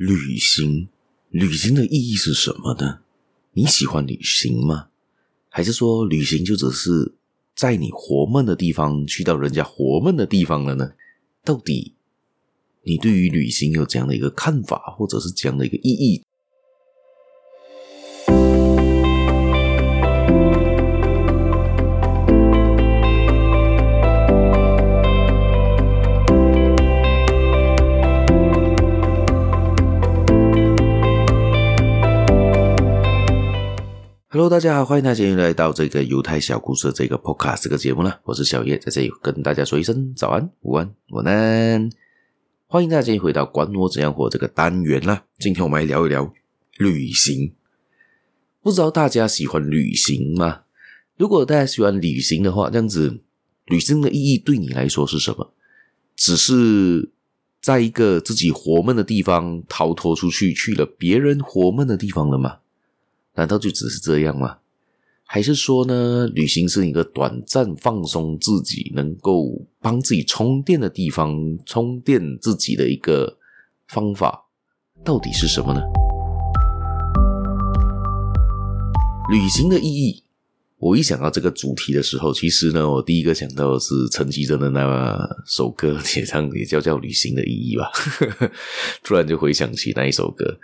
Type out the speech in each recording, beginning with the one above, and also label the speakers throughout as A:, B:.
A: 旅行，旅行的意義是什麼呢？你喜歡旅行嗎？還是說旅行就只是在你活悶的地方，去到人家活悶的地方了呢？到底你對於旅行有怎樣的一個看法，或者是怎樣的一個意義？Hello，大家好，歡迎大家來到這個猶太小故事的這個 Podcast 這個節目啦，我是小葉，在這裡跟大家說一聲早安、午安、晚安。歡迎大家回到管我怎樣活這個單元啦，今天我們來聊一聊旅行。不知道大家喜歡旅行嗎？如果大家喜歡旅行的話，這樣子，旅行的意義對你來說是什麼？只是在一個自己活悶的地方逃脫出去，去了別人活悶的地方了嗎？難道就只是這樣嗎？還是說呢，旅行是一個短暫放鬆自己、能夠幫自己充電的地方，充電自己的一個方法？到底是什麼呢？旅行的意義，我一想到這個主題的時候，其實呢，我第一個想到的是陳綺貞的那首歌，也唱也叫叫《旅行的意義》吧， 突然就回想起那一首歌。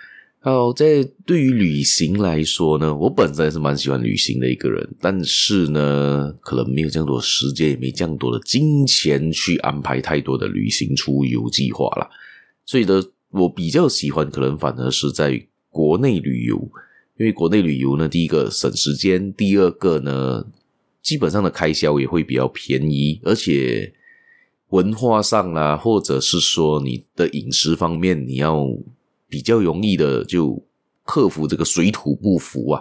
A: 好，在對於旅行來說呢，我本身是蠻喜歡旅行的一個人，但是呢，可能沒有這樣多時間，也沒這樣多的金錢去安排太多的旅行出遊計劃了。所以呢，我比較喜歡，可能反而是在國內旅遊，因為國內旅遊呢，第一個省時間，第二個呢，基本上的開銷也會比較便宜，而且文化上啦、啊，或者是說你的飲食方面，你要。比較容易的就克服這個水土不服啊，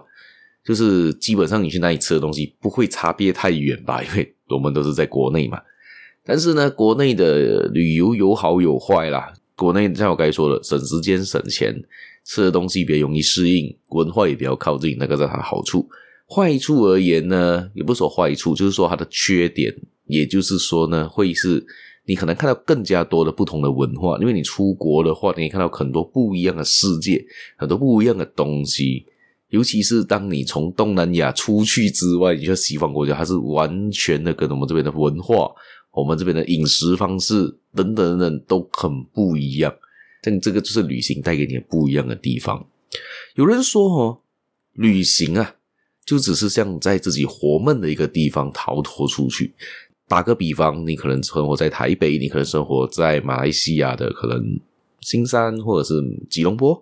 A: 就是基本上你去哪裡吃的東西不會差別太遠吧，因為我們都是在國內嘛。但是呢，國內的旅遊有好有壞啦。國內像我剛才說的，省時間、省錢，吃的東西比較容易適應，文化也比較靠近，那個是它的好處。壞處而言呢，也不說壞處，就是說它的缺點，也就是說呢，會是。你可能看到更加多的不同的文化，因為你出國的話，你看到很多不一樣的世界，很多不一樣的東西。尤其是當你從東南亞出去之外，你像西方國家，它是完全的跟我們這邊的文化、我們這邊的飲食方式等等等都很不一樣。但這個就是旅行帶給你的不一樣的地方。有人說哦，旅行啊，就只是像在自己活悶的一個地方逃脫出去。打個比方，你可能生活在台北，你可能生活在馬來西亞的可能新山或者是吉隆坡，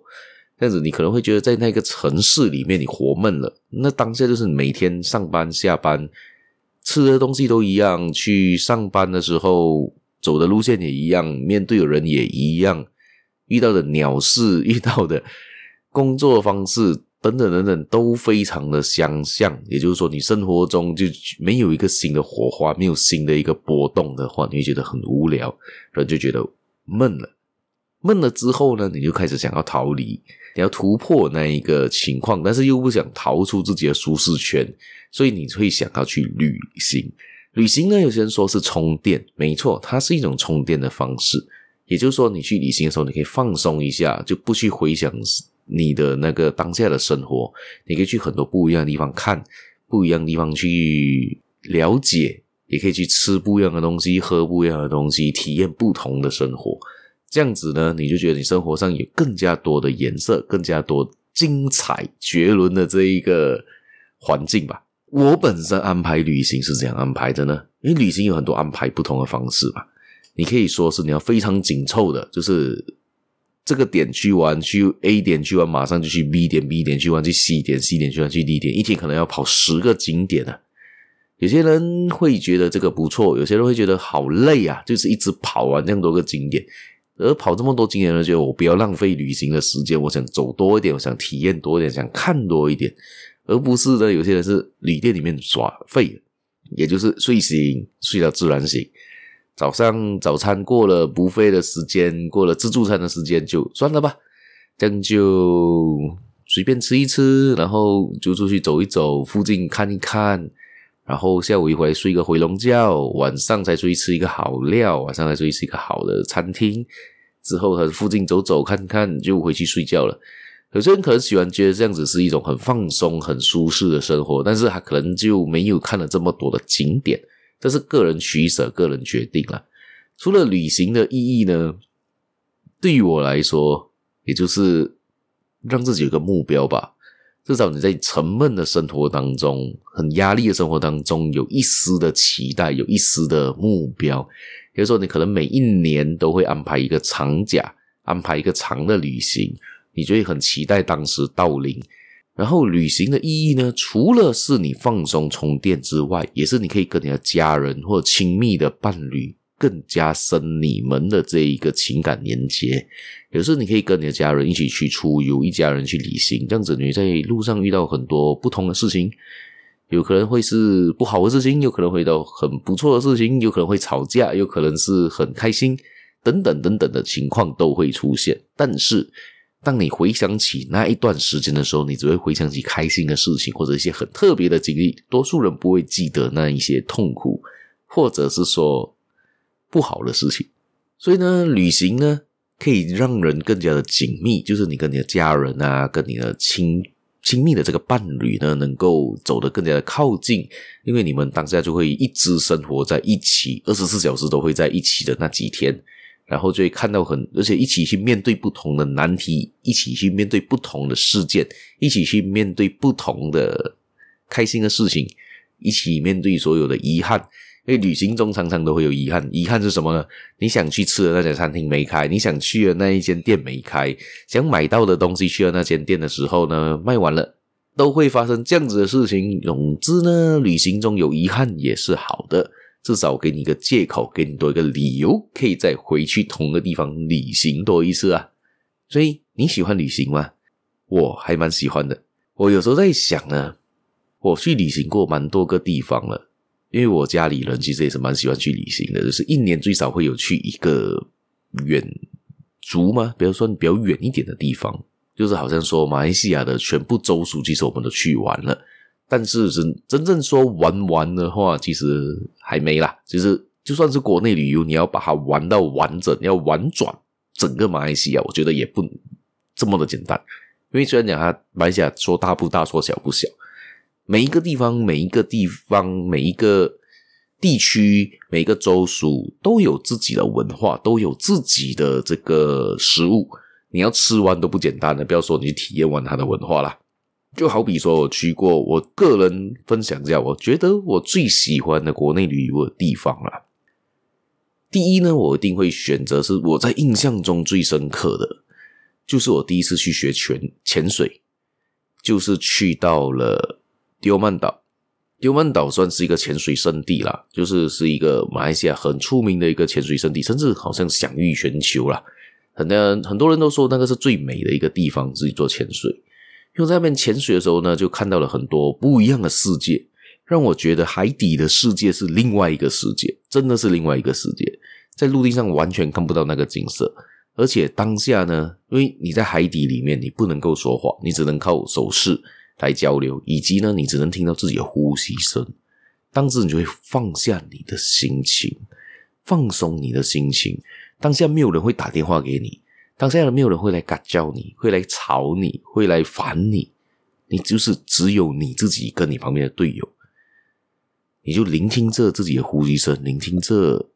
A: 這樣子你可能會覺得在那個城市裡面你活悶了。那當下就是每天上班下班，吃的東西都一樣，去上班的時候走的路線也一樣，面對的人也一樣，遇到的鳥事、遇到的工作方式，等等等等都非常的相像，也就是說，你生活中就沒有一個新的火花，沒有新的一個波動的話，你會覺得很無聊，然後就覺得悶了。悶了之後呢，你就開始想要逃離，你要突破那一個情況，但是又不想逃出自己的舒適圈，所以你會想要去旅行。旅行呢，有些人說是充電，沒錯，它是一種充電的方式。也就是說，你去旅行的時候，你可以放鬆一下，就不去回想。你的那個當下的生活，你可以去很多不一樣的地方看，不一樣的地方去了解，也可以去吃不一樣的東西，喝不一樣的東西，體驗不同的生活。這樣子呢，你就覺得你生活上有更加多的顏色，更加多精彩絕倫的這一個環境吧。我本身安排旅行是怎樣安排的呢？因為旅行有很多安排不同的方式吧，你可以說是你要非常緊湊的，就是。這個點去玩，去 A 點去玩，馬上就去 B 點，B 點去玩，去 C 點 C 點，C 點去玩，去 D 點，一天可能要跑十個景點啊。有些人會覺得這個不錯，有些人會覺得好累啊，就是一直跑完這樣多個景點，而跑這麼多景點呢，覺得我不要浪費旅行的時間，我想走多一點，我想體驗多一點，想看多一點，而不是呢，有些人是旅店裡面耍廢，也就是睡醒睡到自然醒。早上早餐過了不費的時間，過了自助餐的時間就算了吧，將就隨便吃一吃，然後就出去走一走，附近看一看，然後下午一回來睡個回籠覺，晚上才出去吃一個好料，晚上才出去吃一個好的餐廳，之後和附近走走看看就回去睡覺了。有些人可能喜歡覺得這樣子是一種很放鬆、很舒適的生活，但是他可能就沒有看了這麼多的景點。這是個人取舍，個人決定了。除了旅行的意義呢？對於我來說，也就是讓自己有個目標吧。至少你在沉悶的生活當中、很壓力的生活當中，有一絲的期待，有一絲的目標。也就是說你可能每一年都會安排一個長假，安排一個長的旅行，你就會很期待當時到臨。然後旅行的意義呢？除了是你放鬆充電之外，也是你可以跟你的家人或者親密的伴侶更加深你們的這一個情感連接。有時候你可以跟你的家人一起去出遊，一家人去旅行，這樣子你在路上遇到很多不同的事情，有可能會是不好的事情，有可能會到很不錯的事情，有可能會吵架，有可能是很開心，等等等等的情況都會出現。但是。當你回想起那一段時間的時候，你只會回想起開心的事情，或者一些很特別的經歷。多數人不會記得那一些痛苦或者是說不好的事情。所以呢，旅行呢可以讓人更加的緊密，就是你跟你的家人啊，跟你的親親密的這個伴侶呢，能夠走得更加的靠近。因為你們當下就會一直生活在一起，二十四小時都會在一起的那幾天。然後就會看到很，而且一起去面對不同的難題，一起去面對不同的事件，一起去面對不同的開心的事情，一起面對所有的遺憾。因為旅行中常常都會有遺憾，遺憾是什麼呢？你想去吃的那家餐廳沒開，你想去的那一間店沒開，想買到的東西去了那間店的時候呢，賣完了，都會發生這樣子的事情。總之呢，旅行中有遺憾也是好的。至少我給你一個借口，給你多一個理由，可以再回去同一個地方旅行多一次啊。所以你喜歡旅行嗎？我還蠻喜歡的。我有時候在想呢，我去旅行過蠻多個地方了，因為我家裡人其實也是蠻喜歡去旅行的，就是一年最少會有去一個遠足嗎？比如說你比較遠一點的地方，就是好像說馬來西亞的全部州屬，其實我們都去完了。但是真真正說玩完的話，其實還沒啦。其實就算是國內旅遊，你要把它玩到完整，要玩轉整個馬來西亞，我覺得也不這麼的簡單。因為雖然講它馬來西亞說大不大，說小不小，每一個地方、每一個地方、每一個地區、每一個州屬都有自己的文化，都有自己的這個食物，你要吃完都不簡單的。不要說你去體驗完它的文化啦。就好比說，我去過，我個人分享一下，我覺得我最喜歡的國內旅遊的地方啦。第一呢，我一定會選擇是我在印象中最深刻的，就是我第一次去學潛潛水，就是去到了刁曼島。刁曼島算是一個潛水勝地啦，就是是一個馬來西亞很出名的一個潛水勝地，甚至好像享譽全球啦。很多很多人都說那個是最美的一個地方，自己做潛水。因為在那邊潛水的時候呢，就看到了很多不一樣的世界，讓我覺得海底的世界是另外一個世界，真的是另外一個世界，在陸地上完全看不到那個景色。而且當下呢，因為你在海底裡面，你不能夠說話，你只能靠手勢來交流，以及呢，你只能聽到自己的呼吸聲。當時你就會放下你的心情，放鬆你的心情。當下沒有人會打電話給你。當下沒有人會來尬叫你，會來吵你，你會來煩你，你就是只有你自己跟你旁邊的隊友，你就聆聽着自己的呼吸聲，聆聽着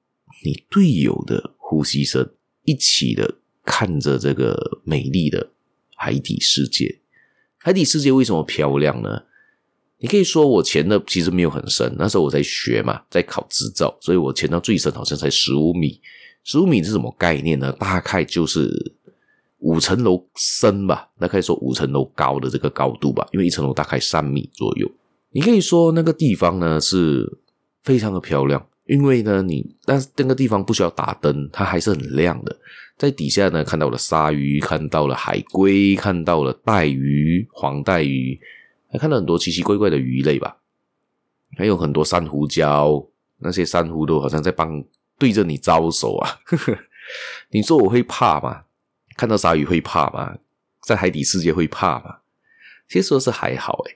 A: 你隊友的呼吸聲，一起的看着這個美麗的海底世界。海底世界為什麼漂亮呢？你可以說我潛的其實沒有很深，那時候我在學嘛，在考執照，所以我潛到最深好像才十五米。十五米是什麼概念呢？大概就是。五層樓深吧，那可以說五層樓高的這個高度吧，因為一層樓大概三米左右。你可以說那個地方呢是非常的漂亮，因為呢你但是那個地方不需要打燈，它還是很亮的。在底下呢看到了鯊魚，看到了海龜，看到了帶魚、黃帶魚，還看到很多奇奇怪怪的魚類吧，還有很多珊瑚礁，那些珊瑚都好像在幫對着你招手啊！呵呵，你說我會怕嗎？看到鯊魚會怕嗎？在海底世界會怕嗎？其實說是還好誒，因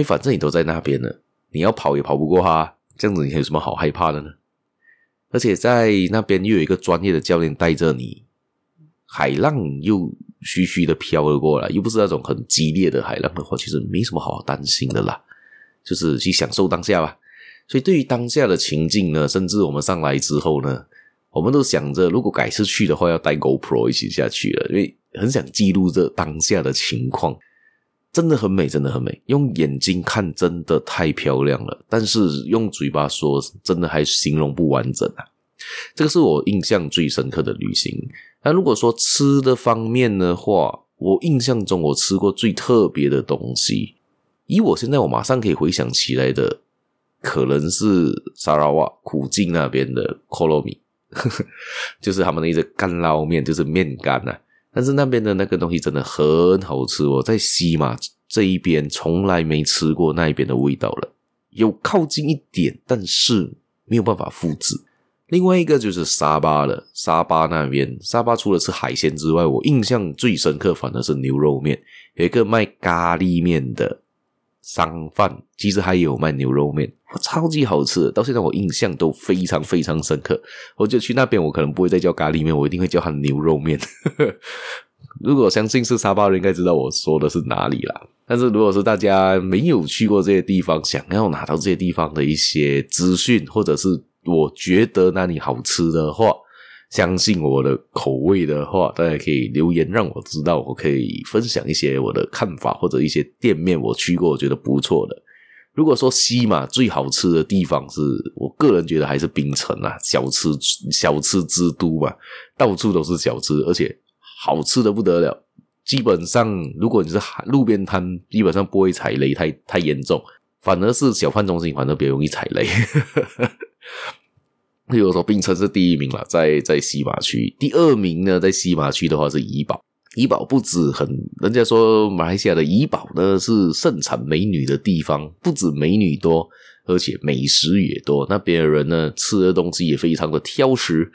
A: 為反正你都在那邊了，你要跑也跑不過它，這樣子你還有什麼好害怕的呢？而且在那邊又有一個專業的教練帶着你，海浪又徐徐的飄了過來，又不是那種很激烈的海浪的話，其實沒什麼好擔心的啦，就是去享受當下吧。所以對於當下的情境呢，甚至我們上來之後呢。我們都想着，如果改次去的話，要帶 GoPro 一起下去了，因為很想記錄這當下的情況，真的很美，真的很美。用眼睛看，真的太漂亮了。但是用嘴巴說，真的還形容不完整啊。這個是我印象最深刻的旅行。那如果說吃的方面的話，我印象中我吃過最特別的東西，以我現在我馬上可以回想起來的，可能是砂拉越古晉那邊的哥羅麵。呵呵，就是他們那一隻乾撈麵，就是麵乾啊，但是那邊的那個東西真的很好吃哦，我在西馬這一邊從來沒吃過那一邊的味道了，有靠近一點，但是沒有辦法複製。另外一個就是沙巴了，沙巴那邊，沙巴除了吃海鮮之外，我印象最深刻反而是牛肉麵，有一個賣咖喱麵的。商販其實還有賣牛肉麵，超級好吃的，到現在我印象都非常非常深刻。我就去那邊，我可能不會再叫咖喱麵，我一定會叫它牛肉麵。呵呵。如果相信是沙巴人，應該知道我說的是哪裡啦。但是如果是大家沒有去過這些地方，想要拿到這些地方的一些資訊，或者是我覺得哪裡好吃的話，相信我的口味的話，大家可以留言讓我知道，我可以分享一些我的看法，或者一些店面我去過我覺得不錯的。如果說西馬最好吃的地方，是我個人覺得還是檳城啊，小吃，小吃之都嘛，到處都是小吃，而且好吃得不得了。基本上如果你是路邊攤，基本上不會踩雷太太嚴重，反而是小販中心反而比較容易踩雷。 有時候檳城是第一名了，在在西馬區，第二名呢，在西馬區的話是怡保。怡保不止很，人家說馬來西亞的怡保呢是盛產美女的地方，不止美女多，而且美食也多。那邊的人呢，吃的東西也非常的挑食，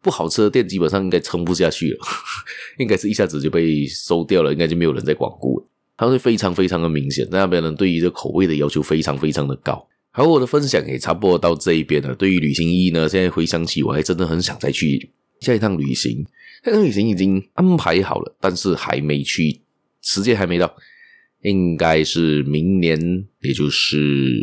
A: 不好吃的店基本上應該撐不下去了， 應該是一下子就被收掉了，應該就沒有人在光顧了。它是非常非常的明顯，那邊人對於這口味的要求非常非常的高。好，我的分享也差不多到這一邊了。對於旅行意義呢，現在回想起，我還真的很想再去下一趟旅行。下一趟旅行已經安排好了，但是還沒去，時間還沒到，應該是明年，也就是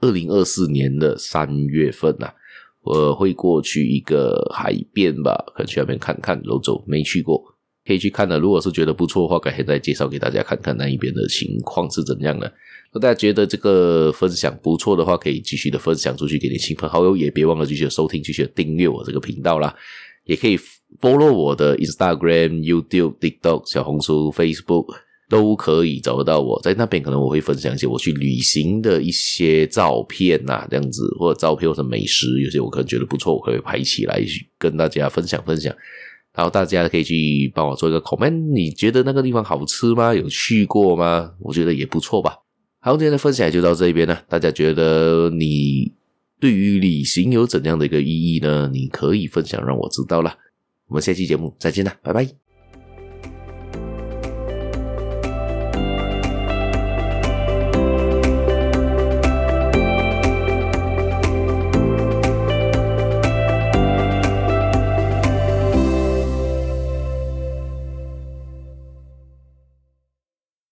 A: 二零二四年的三月份吶，啊，我會過去一個海邊吧，可能去那邊看看，走走，沒去過。可以去看的，如果是覺得不錯的話，改天再介紹給大家看看那一邊的情況是怎樣的。大家覺得這個分享不錯的話，可以繼續的分享出去給你親朋好友，也別忘了繼續的收聽、繼續的訂閱我這個頻道啦。也可以 follow 我的 Instagram、YouTube、TikTok、小紅書、Facebook 都可以找得到我。在那邊可能我會分享一些我去旅行的一些照片啊，這樣子，或者照片或者美食，有些我可能覺得不錯，我可以拍起來跟大家分享分享。然後大家可以去幫我做一個 comment，你覺得那個地方好吃嗎？有去過嗎？我覺得也不錯吧。好，今天的分享就到這邊了。大家覺得你對於旅行有怎樣的一個意義呢？你可以分享讓我知道了。我們下期節目再見了，拜拜。